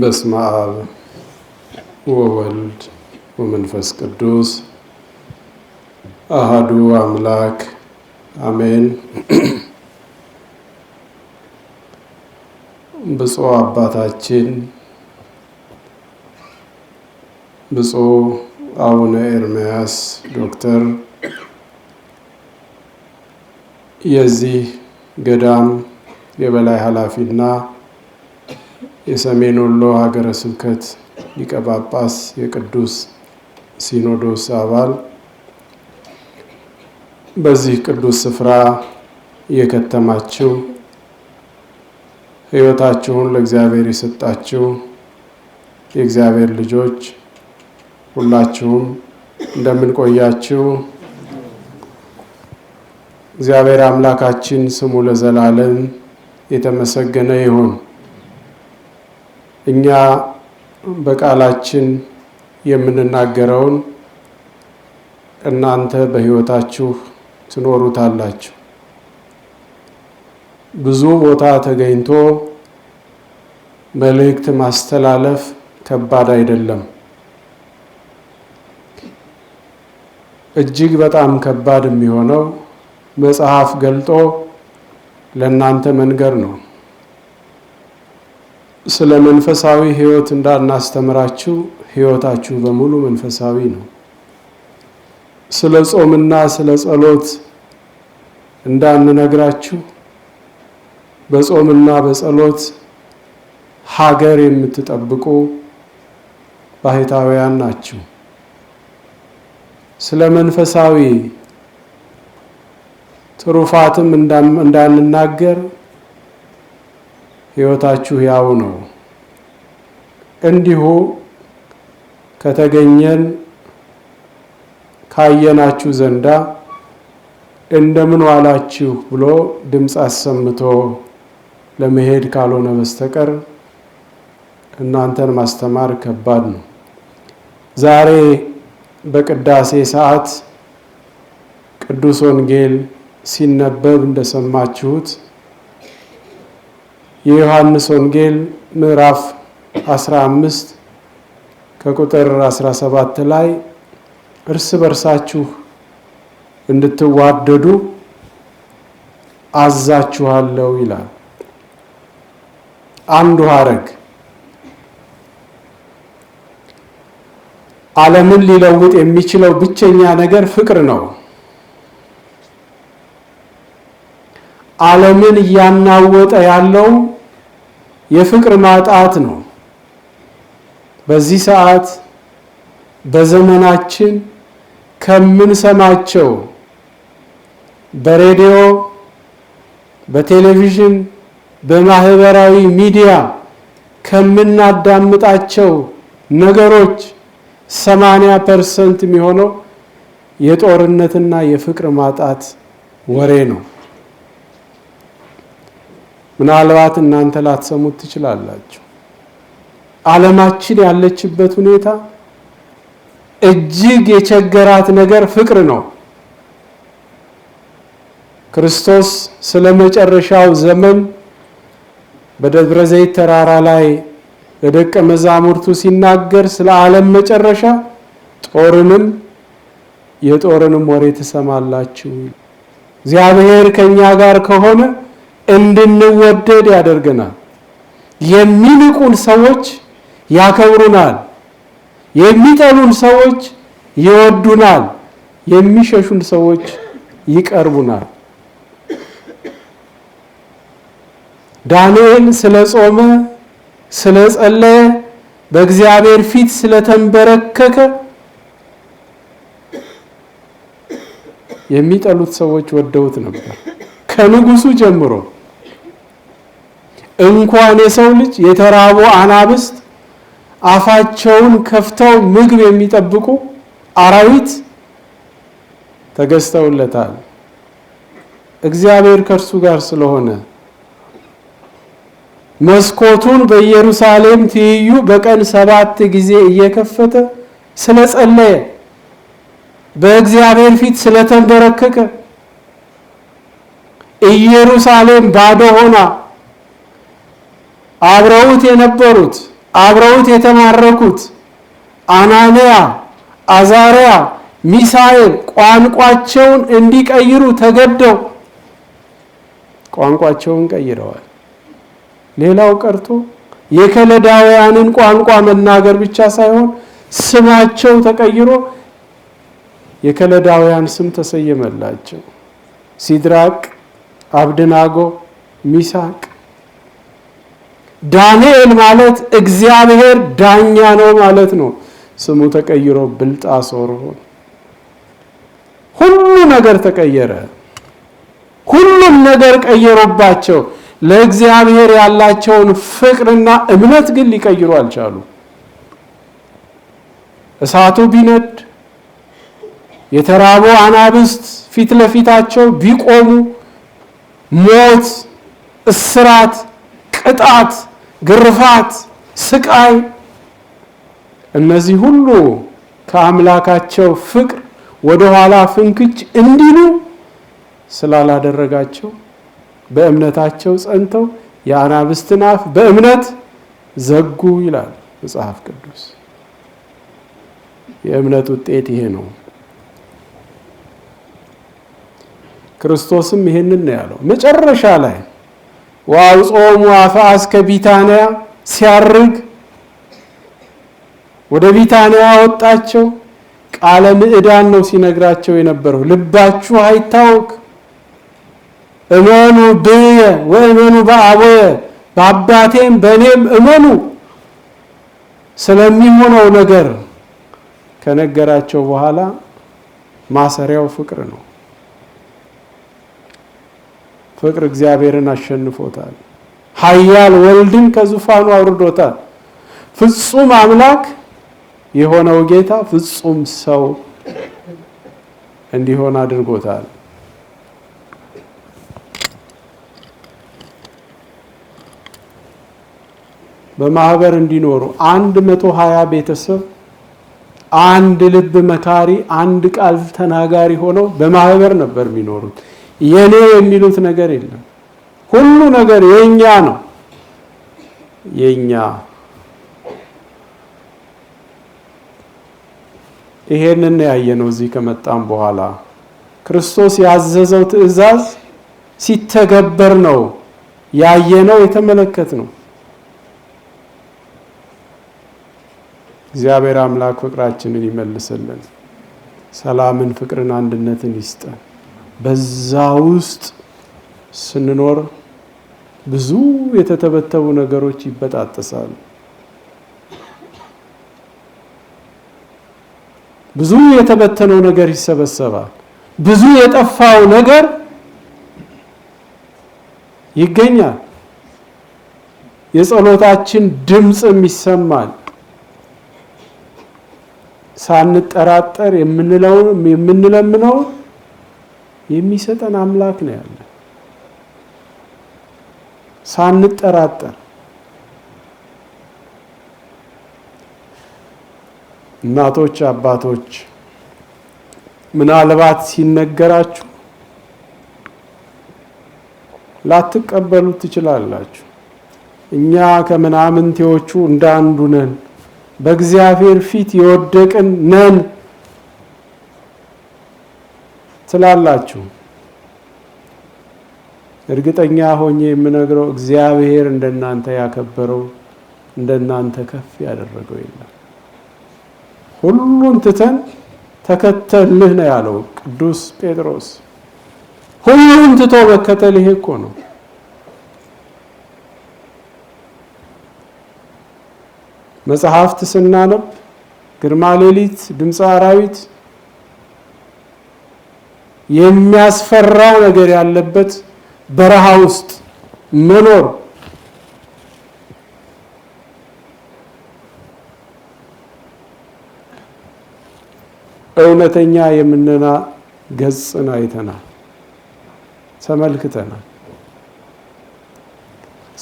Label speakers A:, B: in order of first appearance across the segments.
A: በስመ አብ ወወልድ ወመንፈስ ቅዱስ አሃዱ አምላክ አሜን። ብፁዕ አባታችን ብፁዕ አቡነ ኤርምያስ ዶክተር የዚህ ገዳም የበላይ ኃላፊና የሰሜን ወሎ ሀገረ ስብከት ሊቀ ጳጳስ የቅዱስ ሲኖዶስ አባል በዚህ ቅዱስ ስፍራ እየከተማችው ሕይወታችሁን ለእግዚአብሔር የሰጣችሁ የእግዚአብሔር ልጆች ሁላችሁም እንደምን ቆያችሁ? እግዚአብሔር አምላካችን ስሙ ለዘላለም የተመሰገነ ይሁን። እኛ በቃላችን የምንናገረውን እናንተ በሕይወታችሁ ትኖሩታላችሁ። ብዙ ቦታ ተገኝቶ መልእክት ማስተላለፍ ከባድ አይደለም። እጅግ በጣም ከባድ የሚሆነው መጽሐፍ ገልጦ ለእናንተ መንገር ነው። ስለ መንፈሳዊ ህይወት እንዳናስተምራችሁ ህይወታችሁ በሙሉ መንፈሳዊ ነው። ስለ ጾምና ስለ ጸሎት እንዳንነግራችሁ በጾምና በጸሎት ሀገር የምትጠብቁ ባህታውያን ናችሁ። ስለ መንፈሳዊ ትሩፋትም እንዳንናገር ሕይወታችሁ ያው ነው። እንዲሁ ከተገኘን ካየናችሁ ዘንዳ እንደምን ዋላችሁ ብሎ ድምፅ አሰምቶ ለመሄድ ካልሆነ በስተቀር እናንተን ማስተማር ከባድ ነው። ዛሬ በቅዳሴ ሰዓት ቅዱስ ወንጌል ሲነበብ እንደሰማችሁት የዮሐንስ ወንጌል ምዕራፍ 15 ከቁጥር 17 ላይ እርስ በርሳችሁ እንድትዋደዱ አዛችኋለሁ ይላል። አንዱ ሐረግ ዓለምን ሊለውጥ የሚችለው ብቸኛ ነገር ፍቅር ነው። ዓለምን እያናወጠ ያለው የፍቅር ማጣት ነው። በዚህ ሰዓት በዘመናችን ከምንሰማቸው በሬዲዮ፣ በቴሌቪዥን፣ በማህበራዊ ሚዲያ ከምናዳምጣቸው ነገሮች 80 ፐርሰንት የሚሆነው የጦርነትና የፍቅር ማጣት ወሬ ነው። ምናልባት እናንተ ላትሰሙት ትችላላችሁ። ዓለማችን ያለችበት ሁኔታ እጅግ የቸገራት ነገር ፍቅር ነው። ክርስቶስ ስለ መጨረሻው ዘመን በደብረ ዘይት ተራራ ላይ ለደቀ መዛሙርቱ ሲናገር ስለ ዓለም መጨረሻ ጦርንም የጦርንም ወሬ ትሰማላችሁ፣ እግዚአብሔር ከእኛ ጋር ከሆነ እንድንወደድ ያደርገናል። የሚንቁን ሰዎች ያከብሩናል። የሚጠሉን ሰዎች ይወዱናል። የሚሸሹን ሰዎች ይቀርቡናል። ዳንኤል ስለ ጾመ፣ ስለ ጸለየ፣ በእግዚአብሔር ፊት ስለተንበረከከ የሚጠሉት ሰዎች ወደውት ነበር ከንጉሱ ጀምሮ እንኳን የሰው ልጅ የተራቡ አናብስት አፋቸውን ከፍተው ምግብ የሚጠብቁ አራዊት ተገዝተውለታል። እግዚአብሔር ከእርሱ ጋር ስለሆነ መስኮቱን በኢየሩሳሌም ትይዩ በቀን ሰባት ጊዜ እየከፈተ ስለጸለየ በእግዚአብሔር ፊት ስለተንበረከከ ኢየሩሳሌም ባዶ ሆና አብረውት የነበሩት አብረውት የተማረኩት አናንያ፣ አዛሪያ፣ ሚሳኤል ቋንቋቸውን እንዲቀይሩ ተገደው ቋንቋቸውን ቀይረዋል። ሌላው ቀርቶ የከለዳውያንን ቋንቋ መናገር ብቻ ሳይሆን ስማቸው ተቀይሮ የከለዳውያን ስም ተሰየመላቸው። ሲድራቅ፣ አብድናጎ፣ ሚሳቅ ዳንኤል ማለት እግዚአብሔር ዳኛ ነው ማለት ነው። ስሙ ተቀይሮ ብልጣሶር ሆነ። ሁሉ ነገር ተቀየረ። ሁሉም ነገር ቀየሮባቸው። ለእግዚአብሔር ያላቸውን ፍቅርና እምነት ግን ሊቀይሩ አልቻሉ። እሳቱ ቢነድ፣ የተራቡ አናብስት ፊት ለፊታቸው ቢቆሙ፣ ሞት፣ እስራት፣ ቅጣት ግርፋት፣ ስቃይ እነዚህ ሁሉ ከአምላካቸው ፍቅር ወደ ኋላ ፍንክች እንዲሉ ስላላደረጋቸው በእምነታቸው ጸንተው የአናብስትን አፍ በእምነት ዘጉ ይላል መጽሐፍ ቅዱስ። የእምነት ውጤት ይሄ ነው። ክርስቶስም ይሄንን ነው ያለው መጨረሻ ላይ ወአውጾሙ አፍአ እስከ ቢታንያ ሲያርግ ወደ ቢታንያ አወጣቸው። ቃለ ምዕዳን ነው ሲነግራቸው የነበረው። ልባችሁ አይታወክ፣ እመኑ ብየ ወእመኑ በአቦየ፣ በአባቴም በእኔም እመኑ። ስለሚሆነው ነገር ከነገራቸው በኋላ ማሰሪያው ፍቅር ነው። ፍቅር እግዚአብሔርን አሸንፎታል። ኃያል ወልድን ከዙፋኑ አውርዶታል። ፍጹም አምላክ የሆነው ጌታ ፍጹም ሰው እንዲሆን አድርጎታል። በማህበር እንዲኖሩ አንድ መቶ ሀያ ቤተሰብ አንድ ልብ መካሪ፣ አንድ ቃል ተናጋሪ ሆነው በማህበር ነበር የሚኖሩት። የኔ የሚሉት ነገር የለም። ሁሉ ነገር የኛ ነው የኛ። ይሄንን ያየነው እዚህ ከመጣም በኋላ ክርስቶስ ያዘዘው ትእዛዝ ሲተገበር ነው ያየነው የተመለከት ነው። እግዚአብሔር አምላክ ፍቅራችንን ይመልስልን፣ ሰላምን፣ ፍቅርን፣ አንድነትን ይስጠን። በዛ ውስጥ ስንኖር ብዙ የተተበተቡ ነገሮች ይበጣጠሳሉ። ብዙ የተበተነው ነገር ይሰበሰባል። ብዙ የጠፋው ነገር ይገኛል። የጸሎታችን ድምፅም ይሰማል። ሳንጠራጠር የምንለውን የምንለምነውን የሚሰጠን አምላክ ነው ያለ ሳንጠራጠር እናቶች፣ አባቶች ምናልባት ሲነገራችሁ ላትቀበሉ ትችላላችሁ። እኛ ከምናምንቴዎቹ እንዳንዱ ነን፣ በእግዚአብሔር ፊት የወደቅን ነን ትላላችሁ። እርግጠኛ ሆኜ የምነግረው እግዚአብሔር እንደናንተ ያከበረው እንደናንተ ከፍ ያደረገው የለም። ሁሉን ትተን ተከተልህ ነው ያለው ቅዱስ ጴጥሮስ። ሁሉን ትቶ መከተል ይሄ እኮ ነው። መጽሐፍት ስናነብ ግርማ ሌሊት፣ ድምፀ አራዊት የሚያስፈራው ነገር ያለበት በረሃ ውስጥ መኖር እውነተኛ የምንና ገጽን አይተናል፣ ተመልክተናል።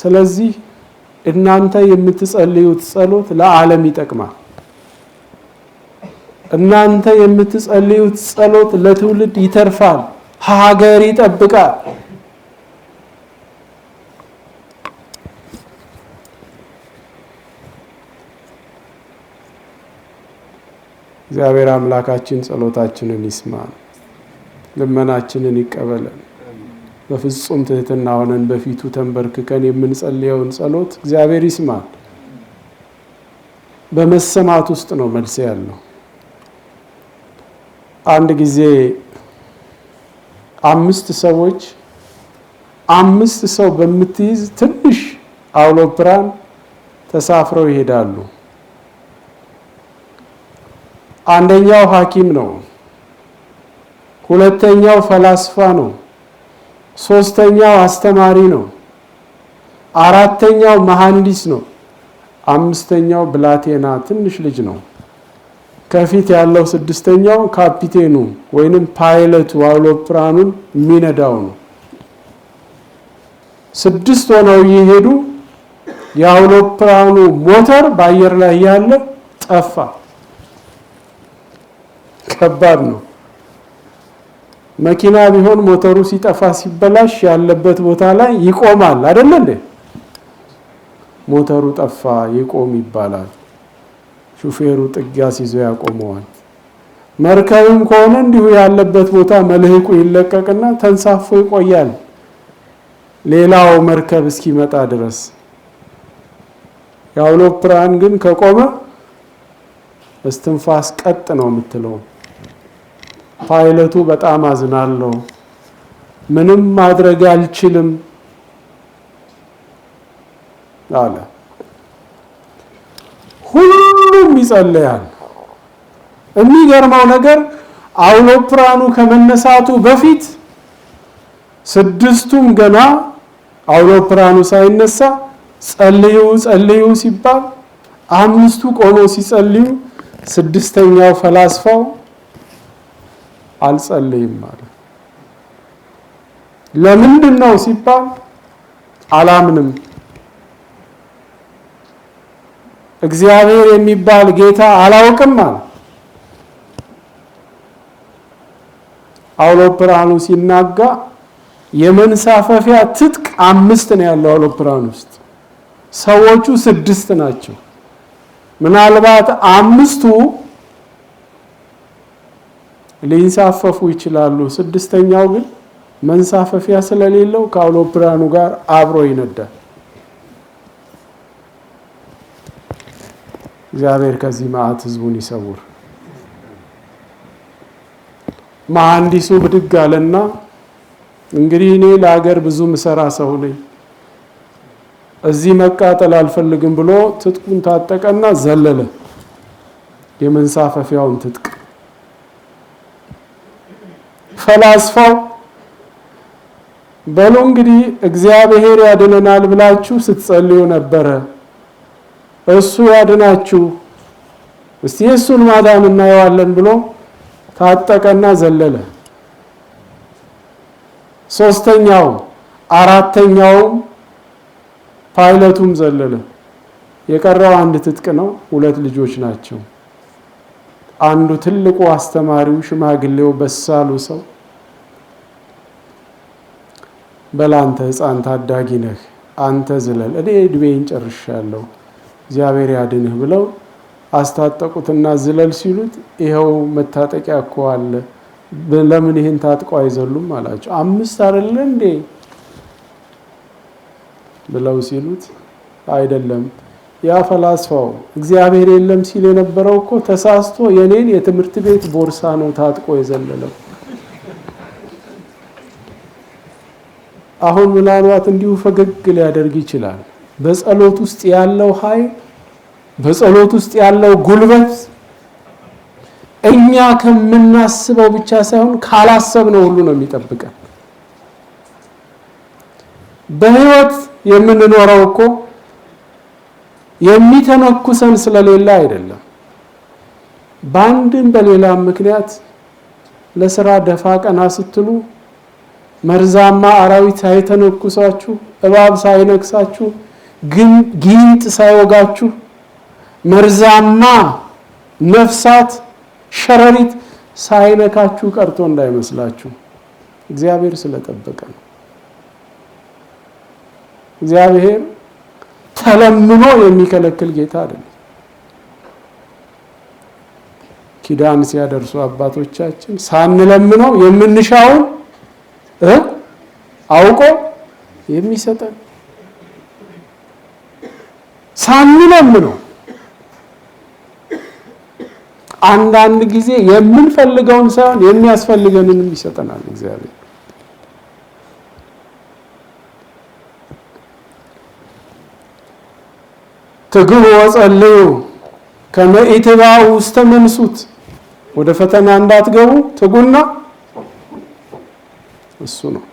A: ስለዚህ እናንተ የምትጸልዩት ጸሎት ለዓለም ይጠቅማል። እናንተ የምትጸልዩት ጸሎት ለትውልድ ይተርፋል፣ ሀገር ይጠብቃል። እግዚአብሔር አምላካችን ጸሎታችንን ይስማ፣ ልመናችንን ይቀበለን። በፍጹም ትህትና ሆነን በፊቱ ተንበርክከን የምንጸልየውን ጸሎት እግዚአብሔር ይስማል። በመሰማት ውስጥ ነው መልስ ያለው። አንድ ጊዜ አምስት ሰዎች አምስት ሰው በምትይዝ ትንሽ አውሮፕላን ተሳፍረው ይሄዳሉ። አንደኛው ሐኪም ነው፣ ሁለተኛው ፈላስፋ ነው፣ ሶስተኛው አስተማሪ ነው፣ አራተኛው መሐንዲስ ነው፣ አምስተኛው ብላቴና ትንሽ ልጅ ነው። ከፊት ያለው ስድስተኛው ካፒቴኑ ወይንም ፓይለቱ አውሮፕላኑን የሚነዳው ነው። ስድስት ሆነው እየሄዱ የአውሮፕላኑ ሞተር በአየር ላይ ያለ ጠፋ። ከባድ ነው። መኪና ቢሆን ሞተሩ ሲጠፋ ሲበላሽ ያለበት ቦታ ላይ ይቆማል አይደል እንዴ? ሞተሩ ጠፋ ይቆም ይባላል። ሹፌሩ ጥጊያ ሲዞ ያቆመዋል። መርከብም ከሆነ እንዲሁ ያለበት ቦታ መልህቁ ይለቀቅና ተንሳፎ ይቆያል ሌላው መርከብ እስኪመጣ ድረስ። የአውሮፕላን ግን ከቆመ እስትንፋስ ቀጥ ነው የምትለው። ፓይለቱ በጣም አዝናለሁ፣ ምንም ማድረግ አልችልም አለ። ሁሉ ሁሉም ይጸልያል የሚገርመው ነገር አውሎፕራኑ ከመነሳቱ በፊት ስድስቱም ገና አውሎፕራኑ ሳይነሳ ጸልዩ ጸልዩ ሲባል አምስቱ ቆሞ ሲጸልዩ ስድስተኛው ፈላስፋው አልጸልይም አለ። ለምንድን ነው ሲባል አላምንም እግዚአብሔር የሚባል ጌታ አላውቅም አለ። አውሎፕራኑ ሲናጋ የመንሳፈፊያ ትጥቅ አምስት ነው ያለው አውሎፕራን ውስጥ ሰዎቹ ስድስት ናቸው። ምናልባት አምስቱ ሊንሳፈፉ ይችላሉ። ስድስተኛው ግን መንሳፈፊያ ስለሌለው ከአውሎፕራኑ ጋር አብሮ ይነዳል። እግዚአብሔር ከዚህ መዓት ህዝቡን ይሰውር። መሐንዲሱ ብድግ አለና እንግዲህ እኔ ለሀገር ብዙ ምሰራ ሰው ነኝ፣ እዚህ መቃጠል አልፈልግም ብሎ ትጥቁን ታጠቀና ዘለለ። የመንሳፈፊያውን ትጥቅ ፈላስፋው በሉ እንግዲህ እግዚአብሔር ያድነናል ብላችሁ ስትጸልዩ ነበረ እሱ ያድናችሁ እስቲ እሱን ማዳን እናየዋለን ብሎ ታጠቀና ዘለለ። ሶስተኛው አራተኛውም ፓይለቱም ዘለለ። የቀረው አንድ ትጥቅ ነው። ሁለት ልጆች ናቸው። አንዱ ትልቁ አስተማሪው ሽማግሌው በሳሉ ሰው በላንተ ህፃን ታዳጊ ነህ አንተ ዝለል፣ እኔ ዕድሜን ጨርሻለሁ እግዚአብሔር ያድንህ ብለው አስታጠቁትና ዝለል ሲሉት ይኸው መታጠቂያ እኮ አለ፣ ለምን ይህን ታጥቀው አይዘሉም አላቸው። አምስት አይደለ እንዴ ብለው ሲሉት አይደለም ያ ፈላስፋው እግዚአብሔር የለም ሲል የነበረው እኮ ተሳስቶ የኔን የትምህርት ቤት ቦርሳ ነው ታጥቆ የዘለለው። አሁን ምናልባት እንዲሁ ፈገግ ሊያደርግ ይችላል። በጸሎት ውስጥ ያለው ኃይል፣ በጸሎት ውስጥ ያለው ጉልበት እኛ ከምናስበው ብቻ ሳይሆን ካላሰብነው ሁሉ ነው የሚጠብቀን። በህይወት የምንኖረው እኮ የሚተነኩሰን ስለሌለ አይደለም። በአንድም በሌላም ምክንያት ለስራ ደፋ ቀና ስትሉ መርዛማ አራዊት ሳይተነኩሳችሁ እባብ ሳይነክሳችሁ ጊንጥ ሳይወጋችሁ መርዛማ ነፍሳት ሸረሪት ሳይነካችሁ ቀርቶ እንዳይመስላችሁ። እግዚአብሔር ስለጠበቀ ነው። እግዚአብሔር ተለምኖ የሚከለክል ጌታ አይደለም። ኪዳን ሲያደርሱ አባቶቻችን ሳንለምነው የምንሻውን አውቆ የሚሰጠን ሳንለምነው አንዳንድ ጊዜ የምንፈልገውን ሳይሆን የሚያስፈልገንንም ይሰጠናል እግዚአብሔር። ትግቡ ወጸልዩ ከመ ኢትባኡ ውስተ መንሱት፣ ወደ ፈተና እንዳትገቡ ትጉና እሱ ነው።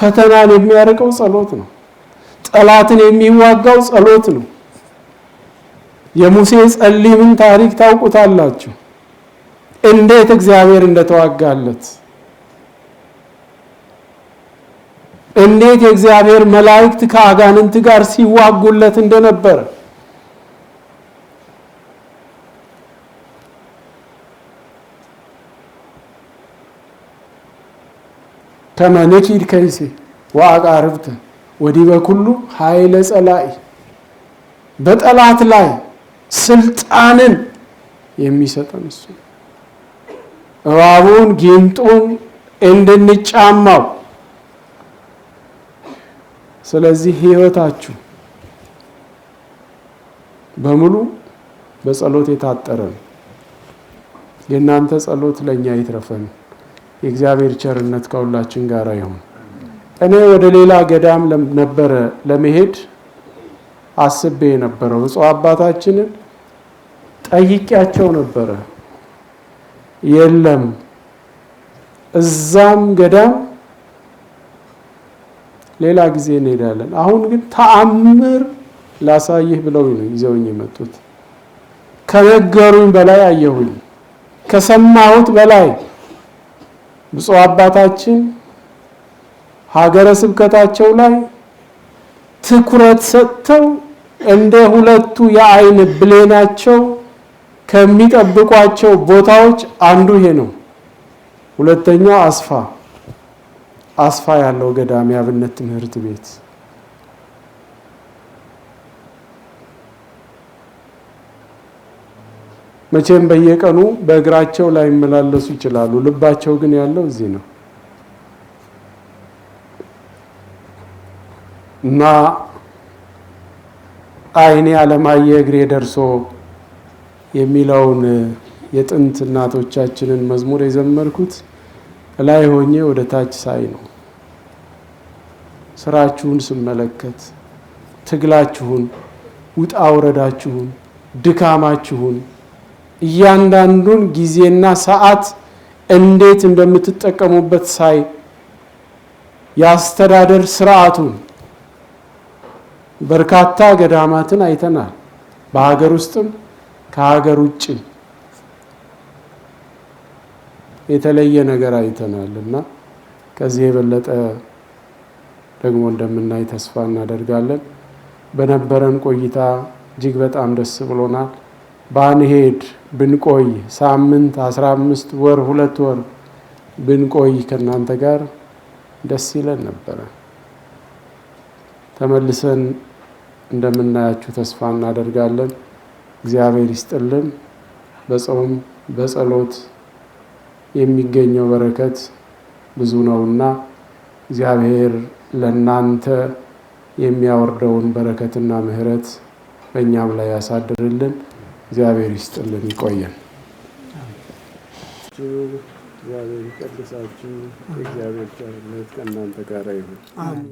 A: ፈተናን የሚያርቀው ጸሎት ነው። ጠላትን የሚዋጋው ጸሎት ነው። የሙሴ ጸሊምን ታሪክ ታውቁታላችሁ። እንዴት እግዚአብሔር እንደተዋጋለት እንዴት የእግዚአብሔር መላእክት ከአጋንንት ጋር ሲዋጉለት እንደነበረ ከመ ንኪድ ከይሴ ወአቃርብተ ወዲ በኩሉ ኃይለ ጸላኢ በጠላት ላይ ስልጣንን የሚሰጠን እሱ እባቡን ጊንጡን እንድንጫማው። ስለዚህ ህይወታችሁ በሙሉ በጸሎት የታጠረ ነው። የእናንተ ጸሎት ለእኛ ይትረፈን። የእግዚአብሔር ቸርነት ከሁላችን ጋር ይሁን። እኔ ወደ ሌላ ገዳም ነበረ ለመሄድ አስቤ የነበረው ብፁዕ አባታችንን ጠይቄያቸው ነበረ። የለም እዛም ገዳም ሌላ ጊዜ እንሄዳለን፣ አሁን ግን ተአምር ላሳይህ ብለው ነው ይዘውኝ የመጡት። ከነገሩኝ በላይ አየሁኝ፣ ከሰማሁት በላይ ብፁዕ አባታችን ሀገረ ስብከታቸው ላይ ትኩረት ሰጥተው እንደ ሁለቱ የአይን ብሌናቸው ከሚጠብቋቸው ቦታዎች አንዱ ይሄ ነው። ሁለተኛው አስፋ አስፋ ያለው ገዳም የአብነት ትምህርት ቤት መቼም በየቀኑ በእግራቸው ላይ ይመላለሱ ይችላሉ። ልባቸው ግን ያለው እዚህ ነው። ማ አይኔ አለማየ እግሬ ደርሶ የሚለውን የጥንት እናቶቻችንን መዝሙር የዘመርኩት ላይ ሆኜ ወደ ታች ሳይ ነው። ስራችሁን ስመለከት፣ ትግላችሁን፣ ውጣ ውረዳችሁን፣ ድካማችሁን፣ እያንዳንዱን ጊዜና ሰዓት እንዴት እንደምትጠቀሙበት ሳይ የአስተዳደር ስርዓቱን በርካታ ገዳማትን አይተናል። በሀገር ውስጥም ከሀገር ውጭ የተለየ ነገር አይተናል እና ከዚህ የበለጠ ደግሞ እንደምናይ ተስፋ እናደርጋለን። በነበረን ቆይታ እጅግ በጣም ደስ ብሎናል። ባንሄድ ብንቆይ ሳምንት፣ አስራ አምስት ወር፣ ሁለት ወር ብንቆይ ከእናንተ ጋር ደስ ይለን ነበረ። ተመልሰን እንደምናያችሁ ተስፋ እናደርጋለን። እግዚአብሔር ይስጥልን። በጾም በጸሎት የሚገኘው በረከት ብዙ ነውና እግዚአብሔር ለእናንተ የሚያወርደውን በረከትና ምሕረት በእኛም ላይ ያሳድርልን። እግዚአብሔር ይስጥልን፣ ይቆየን። እግዚአብሔር ይቀድሳችሁ። እግዚአብሔር ቸርነት ከእናንተ ጋር ይሁን።